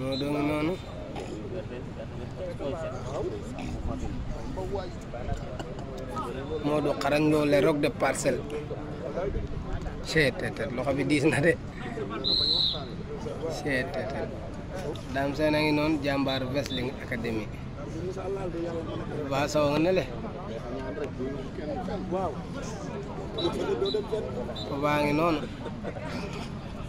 moo doon noonu moo du xarañ loolu le roc de parcelle seetetet loxo bi diis na de seetetet daam seen a ngi noonu jàmbaar wrestling académie ba nga ne le baa ngi noonu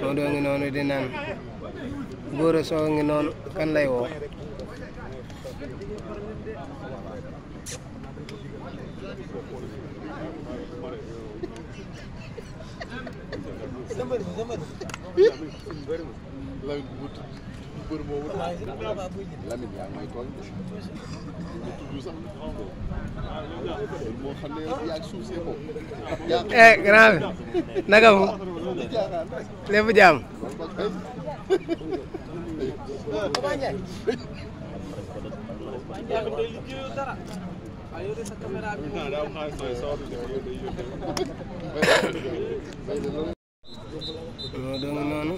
Maodo ngi noonu di naan Gora Sow ngi noonu kan lay woo eh grand bi naka mu lépp jaam loolu doomu noonu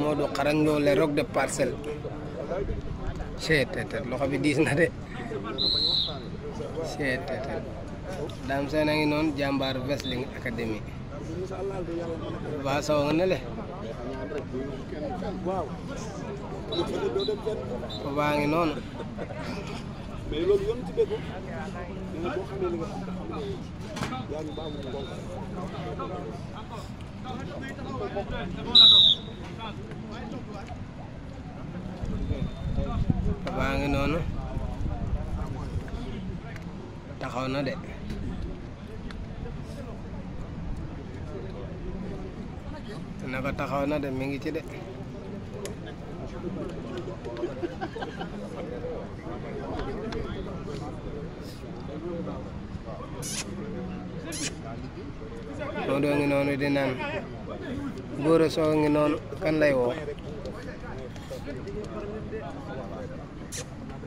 Modou xarañ loolu le roc de parcelle seet te loxo bi diis de seet te daam seen a ngi noonu jàmbaar wrestling academy ba saw le baa ngi noon waa ngi noonu taxaw na de naka taxaw na de mi ngi ci de Modou a noonu di naan góor soo ngi noonu kan lay woo